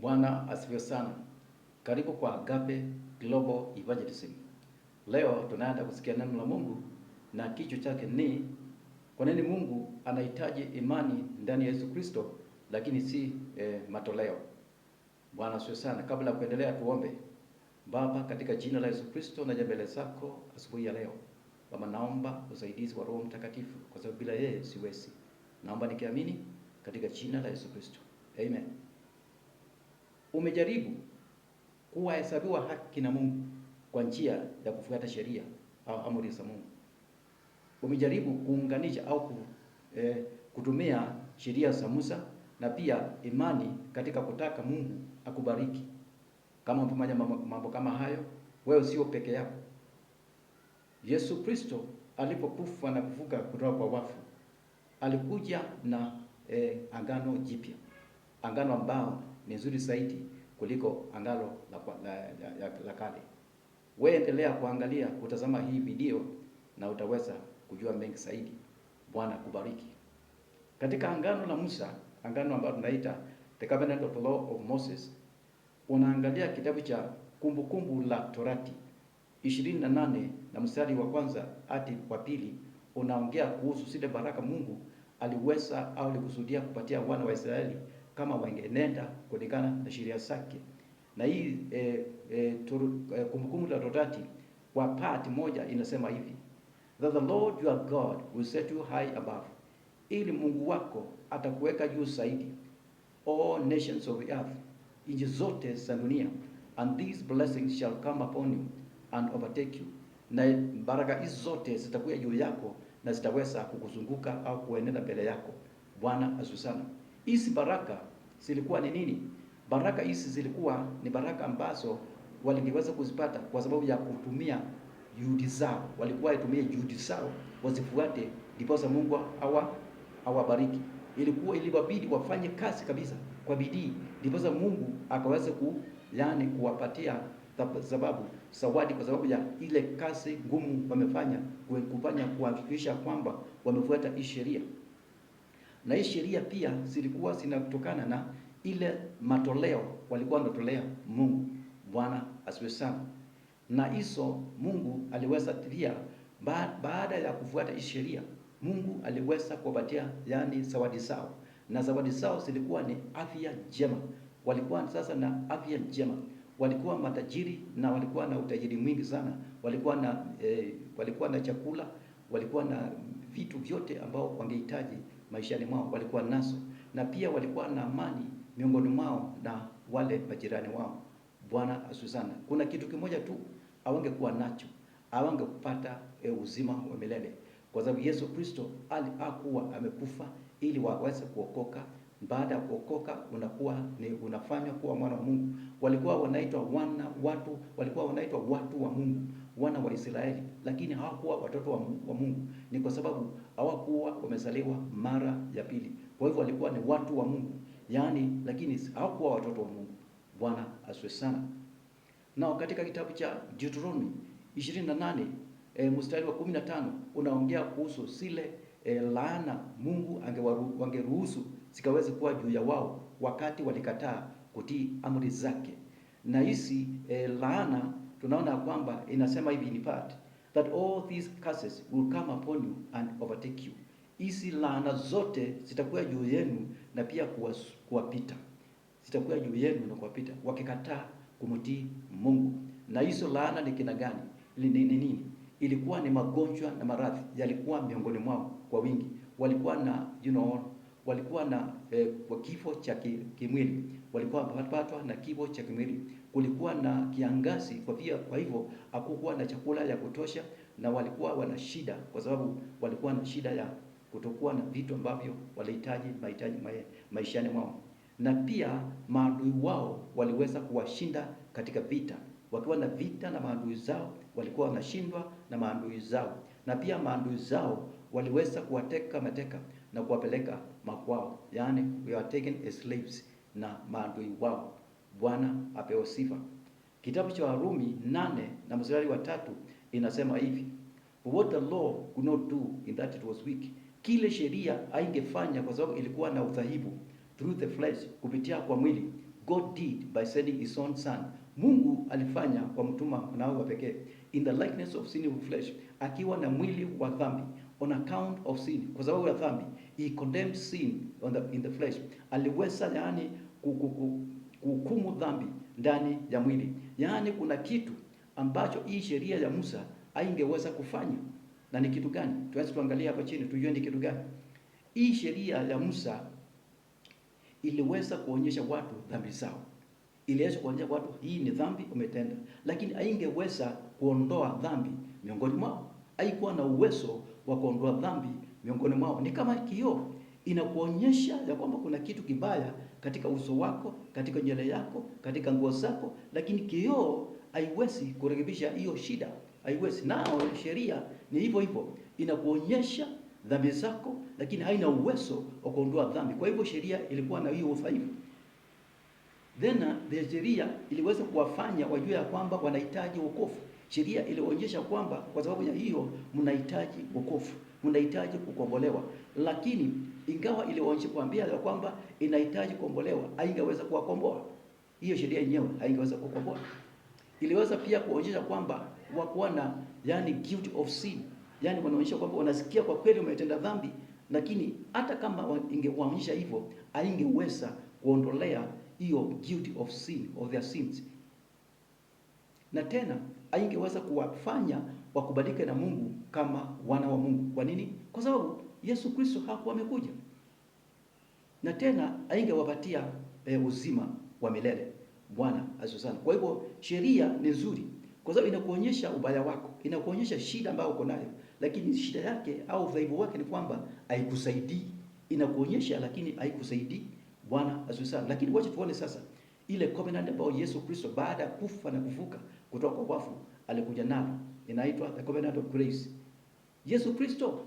Bwana asifiwe sana. Karibu kwa Agape Global Evangelism. Leo tunaenda kusikia neno la Mungu na kichwa chake ni kwa nini Mungu anahitaji imani ndani ya Yesu Kristo lakini si eh, matoleo. Bwana asifiwe sana. Kabla ya kuendelea, tuombe. Baba, katika jina la Yesu Kristo naja mbele zako asubuhi ya leo. Baba, naomba usaidizi wa Roho Mtakatifu kwa sababu bila yeye siwezi. Naomba nikiamini katika jina la Yesu Kristo. Amen umejaribu kuwahesabiwa haki na Mungu kwa njia ya kufuata sheria au amri za Mungu. Umejaribu kuunganisha au eh, kutumia sheria za Musa na pia imani katika kutaka Mungu akubariki. Kama umefanya mambo kama hayo, wewe sio peke yako. Yesu Kristo alipokufa na kufuka kutoka kwa wafu, alikuja na eh, angano jipya, angano ambao ni nzuri zaidi kuliko andalo la, la, la, la, la kale. Wewe endelea kuangalia kutazama hii video na utaweza kujua mengi zaidi. Bwana kubariki. Katika angano la Musa, angano ambalo tunaita The Covenant of the Law of Moses, unaangalia kitabu cha Kumbukumbu kumbu la Torati 28 na mstari wa kwanza hadi wa pili unaongea kuhusu zile baraka Mungu aliweza au alikusudia kupatia wana wa Israeli kama wangenenda kulingana na sheria zake. Na hii e, e, e, Kumbukumbu la Torati kwa part moja inasema hivi that the Lord your God will set you high above, ili Mungu wako atakuweka juu zaidi, all nations of the earth, nchi zote za dunia, and these blessings shall come upon you and overtake you, na baraka hizi zote zitakuwa juu yako na zitaweza kukuzunguka au kuenenda mbele yako. Bwana asifiwe sana. Hizi baraka zilikuwa ni nini? Baraka hizi zilikuwa ni baraka ambazo walingeweza kuzipata kwa sababu ya kutumia juhudi zao, walikuwa itumie juhudi zao wazifuate, ndiposa Mungu awa awabariki. Ilikuwa iliwabidi wafanye kazi kabisa kwa bidii, ndiposa Mungu akaweza ku yani kuwapatia sababu zawadi kwa sababu ya ile kazi ngumu wamefanya kufanya kuhakikisha kwamba wamefuata hii sheria na hii sheria pia zilikuwa zinatokana na ile matoleo walikuwa wanatolea Mungu. Bwana asiwe sana. Na hizo Mungu aliweza pia baada ya kufuata hii sheria, Mungu aliweza kuwapatia yani zawadi zao, na zawadi zao zilikuwa ni afya njema. Walikuwa sasa na afya njema, walikuwa matajiri na walikuwa na utajiri mwingi sana, walikuwa na eh, walikuwa na chakula, walikuwa na vitu vyote ambao wangehitaji maishani mwao walikuwa nazo, na pia walikuwa na amani miongoni mwao na wale majirani wao. Bwana asusana, kuna kitu kimoja tu awangekuwa nacho, awangekupata e, eh, uzima wa milele, kwa sababu Yesu Kristo ali akuwa amekufa ili waweze kuokoka baada ya kuokoka unakuwa ni unafanywa kuwa mwana wa Mungu. Walikuwa wanaitwa wana watu, walikuwa wanaitwa watu wa Mungu, wana wa Israeli, lakini hawakuwa watoto wa Mungu. Ni kwa sababu hawakuwa wamezaliwa mara ya pili. Kwa hivyo walikuwa ni watu wa Mungu yaani, lakini hawakuwa watoto wa Mungu. Bwana asiwe sana. Na katika kitabu cha Deuteronomy 28 e, eh, mstari wa 15 unaongea kuhusu zile e, eh, laana Mungu angewaru, zikaweze kuwa juu ya wao wakati walikataa kutii amri zake. Na hisi e, laana tunaona kwamba inasema hivi ni part that all these curses will come upon you and overtake you. Hizi laana zote zitakuwa juu yenu na pia kuwapita, zitakuwa juu yenu na kuwapita wakikataa kumtii Mungu. Na hizo laana ni kina gani? Ni nini? Ni, ni. Ilikuwa ni magonjwa na maradhi yalikuwa miongoni mwao kwa wingi, walikuwa na you know, walikuwa na eh, kifo cha kimwili, walikuwa wamepatwa na kifo cha kimwili. Kulikuwa na kiangazi kwa pia, kwa hivyo hakukuwa na chakula ya kutosha, na walikuwa wana shida, kwa sababu walikuwa na shida ya kutokuwa na vitu ambavyo walihitaji mahitaji maishani mwao, na pia maadui wao waliweza kuwashinda katika vita. Wakiwa na vita na maadui zao, walikuwa wanashindwa na maadui zao, na pia maadui zao waliweza kuwateka mateka na kuwapeleka makwao, yani we are taken as slaves na maadui wao. Bwana apewe sifa. Kitabu cha Warumi nane na mstari wa tatu inasema hivi, what the law could not do in that it was weak, kile sheria haingefanya kwa sababu ilikuwa na udhaifu, through the flesh, kupitia kwa mwili, God did by sending his own son, Mungu alifanya kwa mtuma mwanao wa pekee, in the likeness of sinful flesh, akiwa na mwili wa dhambi on account of sin, kwa sababu ya dhambi. He condemned sin on the, in the flesh, aliweza yani kuhukumu dhambi ndani ya mwili. Yaani kuna kitu ambacho hii sheria ya Musa haingeweza kufanya, na ni kitu gani? Tuanze tuangalie hapa chini, tujue ni kitu gani hii sheria ya Musa iliweza kuonyesha watu dhambi zao, iliweza kuonyesha watu hii ni dhambi umetenda, lakini haingeweza kuondoa dhambi miongoni mwao. Haikuwa na uwezo wa kuondoa dhambi miongoni mwao ni kama kioo, inakuonyesha ya kwamba kuna kitu kibaya katika uso wako, katika nywele yako, katika nguo zako, lakini kioo haiwezi kurekebisha hiyo shida, haiwezi. Nao sheria ni hivyo hivyo, inakuonyesha dhambi zako, lakini haina uwezo wa kuondoa dhambi. Kwa hivyo sheria ilikuwa na hiyo udhaifu. Then uh, the sheria iliweza kuwafanya wajue ya kwamba wanahitaji wokovu. Sheria ilionyesha kwamba kwa sababu ya hiyo mnahitaji wokovu, mnahitaji kukombolewa. Lakini ingawa ilionyesha kuambia ya kwamba inahitaji kukombolewa, haingeweza kuwakomboa. Hiyo sheria yenyewe haingeweza kukomboa. Iliweza pia kuonyesha kwamba wakuwa na yani guilt of sin, yani wanaonyesha kwamba wanasikia kwa kweli wametenda dhambi, lakini hata kama ingewaonyesha hivyo haingeweza kuondolea hiyo guilty of sin of their sins, na tena aingeweza kuwafanya wakubalike na Mungu kama wana wa Mungu. Kwa nini? Kwa sababu Yesu Kristo hakuwa amekuja, na tena aingewapatia e, eh, uzima wa milele. Bwana asifiwe sana. Kwa hivyo sheria ni nzuri kwa sababu inakuonyesha ubaya wako, inakuonyesha shida ambayo uko nayo, lakini shida yake au udhaifu wake ni kwamba haikusaidii. Inakuonyesha lakini haikusaidii. Bwana asifiwe sana. Lakini wacha tuone sasa ile covenant ambayo Yesu Kristo baada ya kufa na kufuka kutoka kwa wafu alikuja nalo, inaitwa the covenant of grace. Yesu Kristo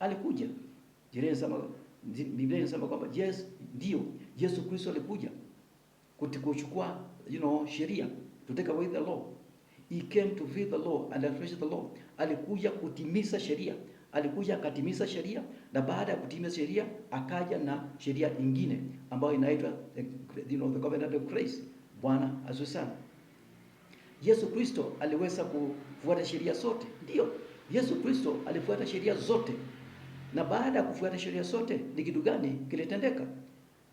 alikuja, sema Biblia inasema kwamba yes, ndio Yesu Kristo alikuja kuchukua you know, sheria to take away the law. He came to fulfill the law and the law. Alikuja kutimiza sheria alikuja akatimiza sheria, na baada ya kutimiza sheria akaja na sheria ingine ambayo inaitwa you know, the covenant of grace. Bwana asifiwe sana. Yesu Kristo aliweza kufuata sheria zote, ndio Yesu Kristo alifuata sheria zote, na baada ya kufuata sheria zote, ni kitu gani kilitendeka?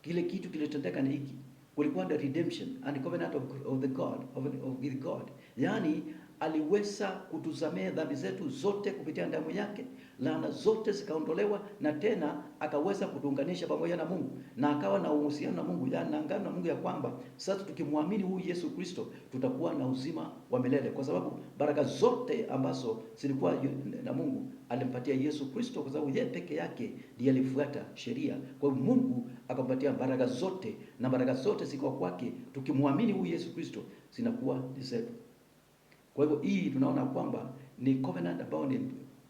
Kile kitu kilitendeka ni hiki, kulikuwa the redemption and covenant of, of the God, of, of with God, yani aliweza kutuzamea dhambi zetu zote kupitia damu yake, laana zote zikaondolewa, na tena akaweza kutuunganisha pamoja na Mungu na akawa na uhusiano na Mungu, yaani na ngano na Mungu, ya kwamba sasa tukimwamini huyu Yesu Kristo tutakuwa na uzima wa milele, kwa sababu baraka zote ambazo zilikuwa na Mungu alimpatia Yesu Kristo, kwa sababu yeye peke yake ndiye alifuata sheria. Kwa hiyo Mungu akampatia baraka zote, na baraka zote ziko kwake. Tukimwamini huyu Yesu Kristo zinakuwa ni zetu. Kwa hivyo hii tunaona kwamba ni covenant ambayo ni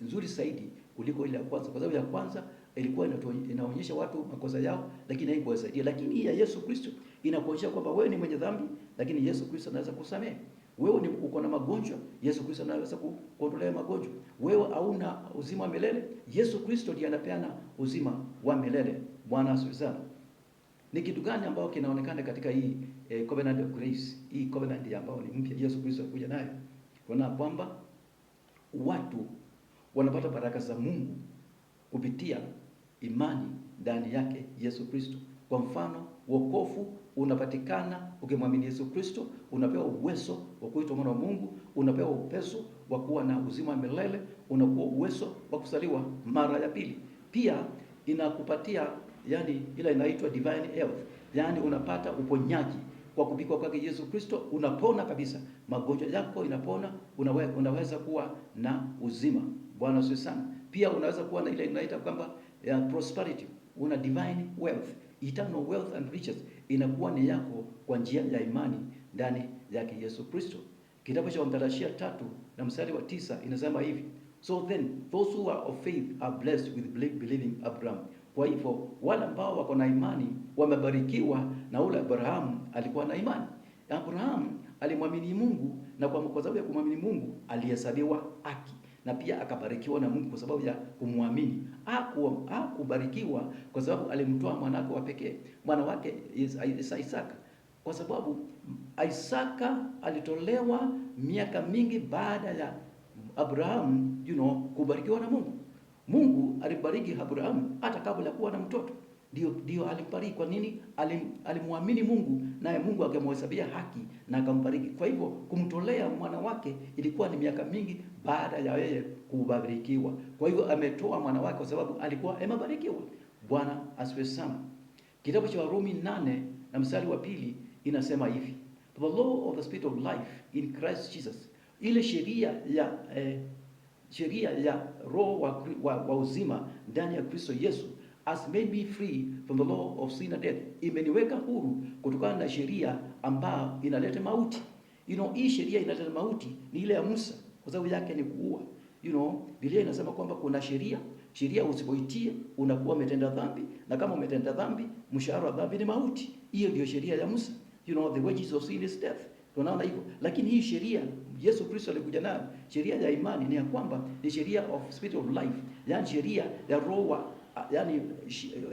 nzuri zaidi kuliko ile ya kwanza, kwa sababu ya kwanza ilikuwa inaonyesha watu makosa yao, lakini haikuwasaidia. Lakini hii ya Yesu Kristo inakuonyesha kwamba wewe ni mwenye dhambi, lakini Yesu Kristo anaweza kusamehe. Wewe ni uko na magonjwa, Yesu Kristo anaweza kukuondolea magonjwa. Wewe hauna uzima wa milele, Yesu Kristo ndiye anapeana uzima wa milele. Bwana asifiwe sana. Ni kitu gani ambao kinaonekana katika hii eh, covenant of grace, hii covenant ambayo ni mpya Yesu Kristo alikuja nayo? Unaona kwamba watu wanapata baraka za Mungu kupitia imani ndani yake Yesu Kristo. Kwa mfano, wokovu unapatikana ukimwamini Yesu Kristo, unapewa uwezo wa kuitwa mwana wa Mungu, unapewa uwezo wa kuwa na uzima wa milele, unakuwa uwezo wa kuzaliwa mara ya pili. Pia inakupatia yani, ila inaitwa divine health, yani unapata uponyaji kwa kupikwa kwake Yesu Kristo unapona kabisa, magonjwa yako inapona, unawe, unaweza kuwa na uzima. Bwana asifiwe sana. Pia unaweza kuwa na ile inaita kwamba uh, prosperity, una divine wealth, eternal wealth and riches inakuwa ni yako kwa njia ya imani ndani yake Yesu Kristo. Kitabu cha Wagalatia tatu na mstari wa tisa inasema hivi, so then those who are of faith are blessed with believing Abraham kwa hivyo wale ambao wako na imani wamebarikiwa na ule Abrahamu alikuwa na imani. Abrahamu alimwamini Mungu na kwa sababu ya kumwamini Mungu alihesabiwa haki na pia akabarikiwa na Mungu kwa sababu ya kumwamini. Hakubarikiwa kwa sababu alimtoa mwanako wa pekee, mwana wake Isaka, kwa sababu Isaka alitolewa miaka mingi baada ya Abrahamu you know, kubarikiwa na Mungu. Mungu alibariki Abrahamu hata kabla kuwa na mtoto, ndio ndio alibariki. Kwa nini? Alim, alimwamini Mungu naye Mungu akamhesabia haki na akambariki. Kwa hivyo kumtolea mwana wake ilikuwa ni miaka mingi baada ya yeye kubarikiwa. Kwa hivyo ametoa mwana wake kwa sababu alikuwa amebarikiwa. Bwana asifiwe sana. Kitabu cha Warumi nane na mstari wa pili inasema hivi: The law of the spirit of life in Christ Jesus, ile sheria ya eh, sheria ya roho wa, wa, wa uzima ndani ya Kristo Yesu has made me free from the law of sin and death, imeniweka huru kutokana na sheria ambayo inaleta mauti. You know, hii sheria inaleta mauti ni ile ya Musa, kwa sababu yake ni kuua. You know, Biblia inasema kwamba kuna sheria, sheria usipoitie unakuwa umetenda dhambi, na kama umetenda dhambi mshahara wa dhambi ni mauti. Hiyo ndio sheria ya Musa. You know, the wages of sin is death tunaona hivyo, lakini hii sheria Yesu Kristo alikuja nayo, sheria ya imani ni ya kwamba ni sheria of spirit of life, yani sheria ya roho, yani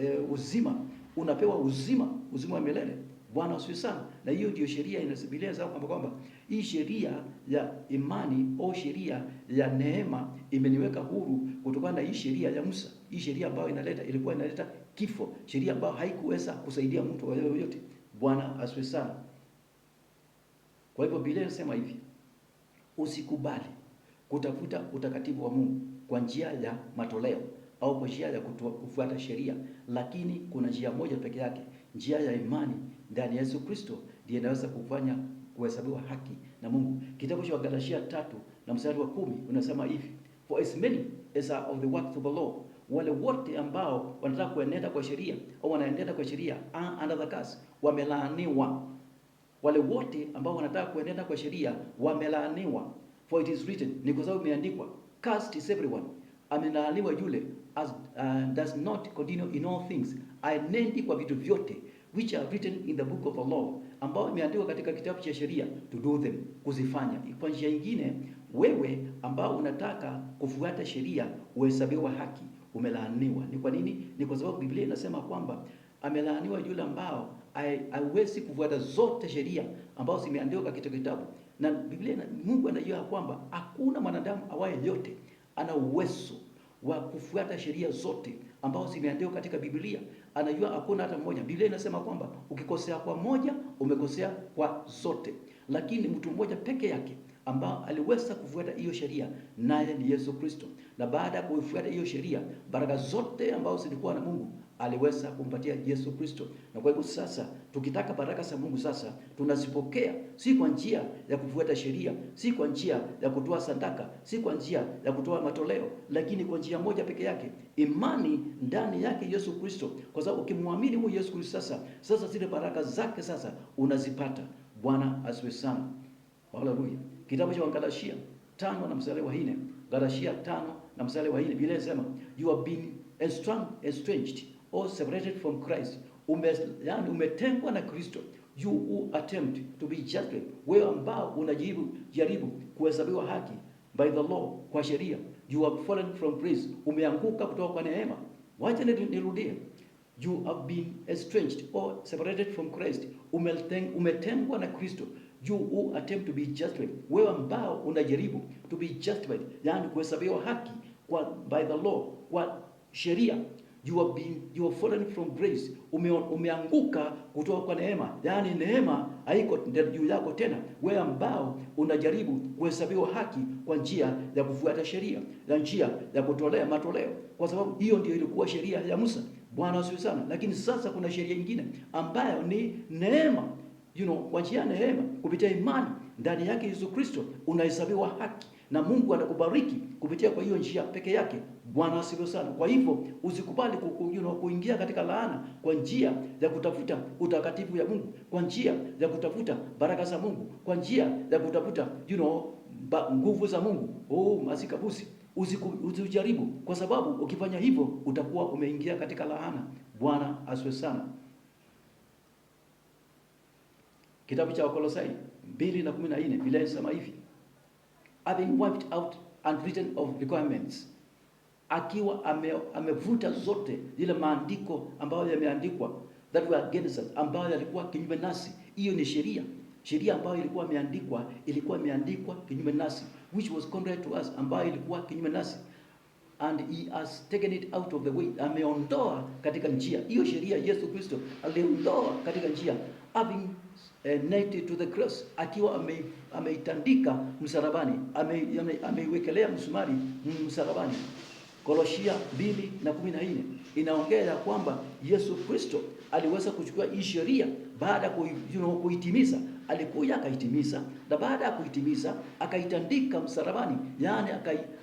e, uzima, unapewa uzima, uzima wa milele. Bwana asifiwe sana. Na hiyo ndio sheria inasibilia kwamba kwamba hii sheria ya imani au sheria ya neema imeniweka huru kutokana na hii sheria ya Musa. Hii sheria ambayo inaleta ilikuwa inaleta kifo, sheria ambayo haikuweza kusaidia mtu yoyote. Bwana asifiwe sana. Kwa hivyo Biblia inasema hivi, usikubali kutafuta utakatifu wa Mungu kwa njia ya matoleo au kwa njia ya kufuata sheria, lakini kuna njia moja peke yake, njia ya imani ndani ya Yesu Kristo, ndiye inaweza kufanya kuhesabiwa haki na Mungu. Kitabu cha Galatia tatu na mstari wa kumi unasema hivi, for as many as are of the works of the law, wale wote ambao wanataka kuenenda kwa sheria au wanaendenda kwa sheria ah, under the curse, wamelaaniwa wale wote ambao wanataka kuenenda kwa sheria wamelaaniwa, for it is written, ni kwa sababu imeandikwa, cursed is everyone, amelaaniwa yule as uh, does not continue in all things, aenendi kwa vitu vyote which are written in the book of the law, ambao imeandikwa katika kitabu cha sheria, to do them, kuzifanya. Kwa njia nyingine, wewe ambao unataka kufuata sheria uhesabiwa haki, umelaaniwa. Ni kwa nini? Ni kwa sababu Biblia inasema kwamba amelaaniwa yule ambao haiwezi kufuata zote sheria ambazo zimeandikwa katika kitabu, na Biblia na Mungu anajua kwamba hakuna mwanadamu awaye yote ana uwezo wa kufuata sheria zote ambazo zimeandikwa katika Biblia. Anajua hakuna hata mmoja. Biblia inasema kwamba ukikosea kwa moja, umekosea kwa zote, lakini mtu mmoja peke yake ambao aliweza kufuata hiyo sheria naye ni Yesu Kristo. Na baada ya kuifuata hiyo sheria, baraka zote ambazo zilikuwa na Mungu aliweza kumpatia Yesu Kristo. Na kwa hivyo sasa, tukitaka baraka za Mungu sasa tunazipokea, si kwa njia ya kufuata sheria, si kwa njia ya kutoa sadaka, si kwa njia ya kutoa matoleo, lakini kwa njia moja peke yake, imani ndani yake Yesu Kristo, kwa sababu ukimwamini huyu Yesu Kristo sasa sasa zile baraka zake sasa unazipata. Bwana asiwe sana, haleluya. Kitabu cha Galatia tano na mstari wa nne, Galatia tano na mstari wa nne, Biblia inasema you have been estranged or oh, separated from Christ, yani umetengwa na Kristo, you who attempt to be justified, wewe ambao unajaribu jaribu kuhesabiwa haki by the law, kwa sheria, you have fallen from grace, umeanguka kutoka kwa neema. Wacha nirudie, you have been estranged or separated from Christ, umetengwa na Kristo you who attempt to be justified, wewe ambao unajaribu to be justified, yani kuhesabiwa haki kwa by the law, kwa sheria you are being, you are fallen from grace, ume, umeanguka kutoka kwa neema. Yaani neema haiko juu yako tena, wewe ambao unajaribu kuhesabiwa haki kwa njia ya kufuata sheria na njia ya kutolea matoleo, kwa sababu hiyo ndio ilikuwa sheria ya Musa. Bwana asifiwe sana. Lakini sasa kuna sheria nyingine ambayo ni neema, you know, kwa njia ya neema kupitia imani ndani yake Yesu Kristo unahesabiwa haki na Mungu anakubariki kupitia kwa hiyo njia peke yake. Bwana asifiwe sana. Kwa hivyo usikubali kuingia katika laana kwa njia ya kutafuta utakatifu ya Mungu, kwa njia ya kutafuta baraka za Mungu, kwa njia ya kutafuta you know, nguvu za Mungu. Oh, masikabusi usijaribu, kwa sababu ukifanya hivyo utakuwa umeingia katika laana. Bwana asifiwe sana. Kitabu cha Wakolosai mbili na kumi na nne Biblia inasema hivi, having wiped out and written of requirements, akiwa ame, amevuta zote zile maandiko ambayo yameandikwa that were against us, ambayo yalikuwa kinyume nasi. Hiyo ni sheria sheria ambayo ilikuwa imeandikwa, ilikuwa imeandikwa kinyume nasi, which was contrary to us, ambayo ilikuwa kinyume nasi and he has taken it out of the way, ameondoa katika njia hiyo. Sheria Yesu Kristo aliondoa katika njia having eh, to the cross, akiwa ameitandika ame msalabani, ameiwekelea ame, ame msumari msalabani. Kolosia mbili na kumi na inaongea ya kwamba Yesu Kristo aliweza kuchukua hii sheria baada ya you know, kuitimiza alikuja akaitimiza, na baada ya kuitimiza akaitandika msalabani, yani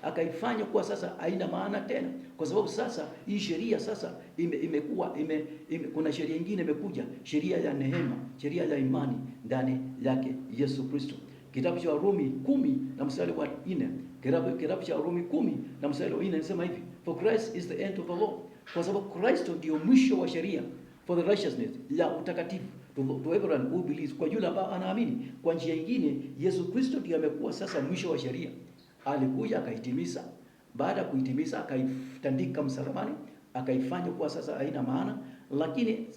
akaifanya kuwa sasa haina maana tena, kwa sababu sasa hii sheria sasa ime, imekuwa ime, ime, kuna sheria nyingine imekuja, sheria ya neema, sheria ya imani ndani yake Yesu Kristo. Kitabu cha Warumi kumi na mstari wa nne, kitabu cha Warumi kumi na mstari wa nne inasema hivi, for Christ is the end of the law kwa sababu Kristo ndio mwisho wa sheria for the righteousness ya utakatifu to everyone who believes, kwa yule ambaye anaamini. Kwa njia nyingine, Yesu Kristo ndiye amekuwa sasa mwisho wa sheria. Alikuja akaitimiza, baada ya kuitimiza akaitandika msalabani, akaifanya kuwa sasa haina maana. Lakini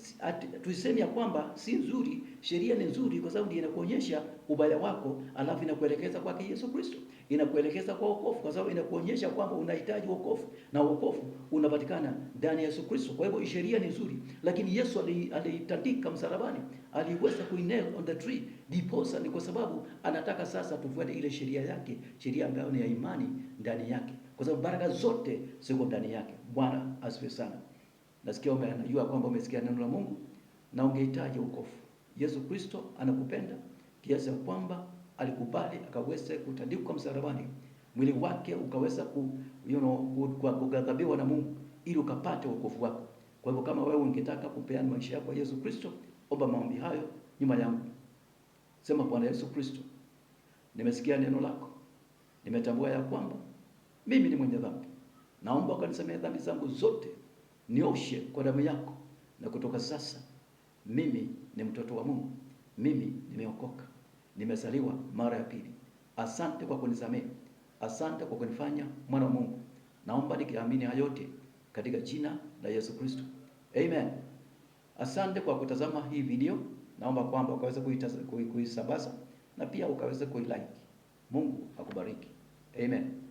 tuiseme ya kwamba si nzuri, sheria ni nzuri kwa sababu ndiye inakuonyesha ubaya wako, alafu inakuelekeza kwake Yesu Kristo inakuelekeza kwa wokovu, kwa sababu inakuonyesha kwamba unahitaji wokovu na wokovu unapatikana ndani ya Yesu Kristo. Kwa hivyo sheria ni nzuri, lakini Yesu aliitandika msalabani, aliweza kuinail on the tree, diposa ni kwa sababu anataka sasa tufuate ile sheria yake, sheria ambayo ni ya imani ndani yake, kwa sababu baraka zote ziko ndani yake. Bwana asifiwe sana. Nasikia unajua kwamba umesikia neno la Mungu na ungehitaji wokovu. Yesu Kristo anakupenda kiasi kwamba alikubali akaweza kutandikwa msalabani, mwili wake ukaweza ku, you know, kwa kugadhabiwa na Mungu ili ukapate wokovu wako. Kwa hivyo kama wewe ungetaka kupeana maisha yako kwa Yesu Kristo, omba maombi hayo nyuma yangu. Sema, Bwana Yesu Kristo, nimesikia neno lako, nimetambua ya kwamba mimi ni mwenye dhambi. Naomba ukanisamehe dhambi zangu zote, nioshe kwa damu yako, na kutoka sasa mimi ni mtoto wa Mungu, mimi nimeokoka nimezaliwa mara ya pili. Asante kwa kunisamehe, asante kwa kunifanya mwana wa Mungu. Naomba nikiamini hayo yote katika jina la Yesu Kristo, amen. Asante kwa kutazama hii video, naomba kwamba ukaweza kuisabasa na pia ukaweza kuilike. Mungu akubariki, amen.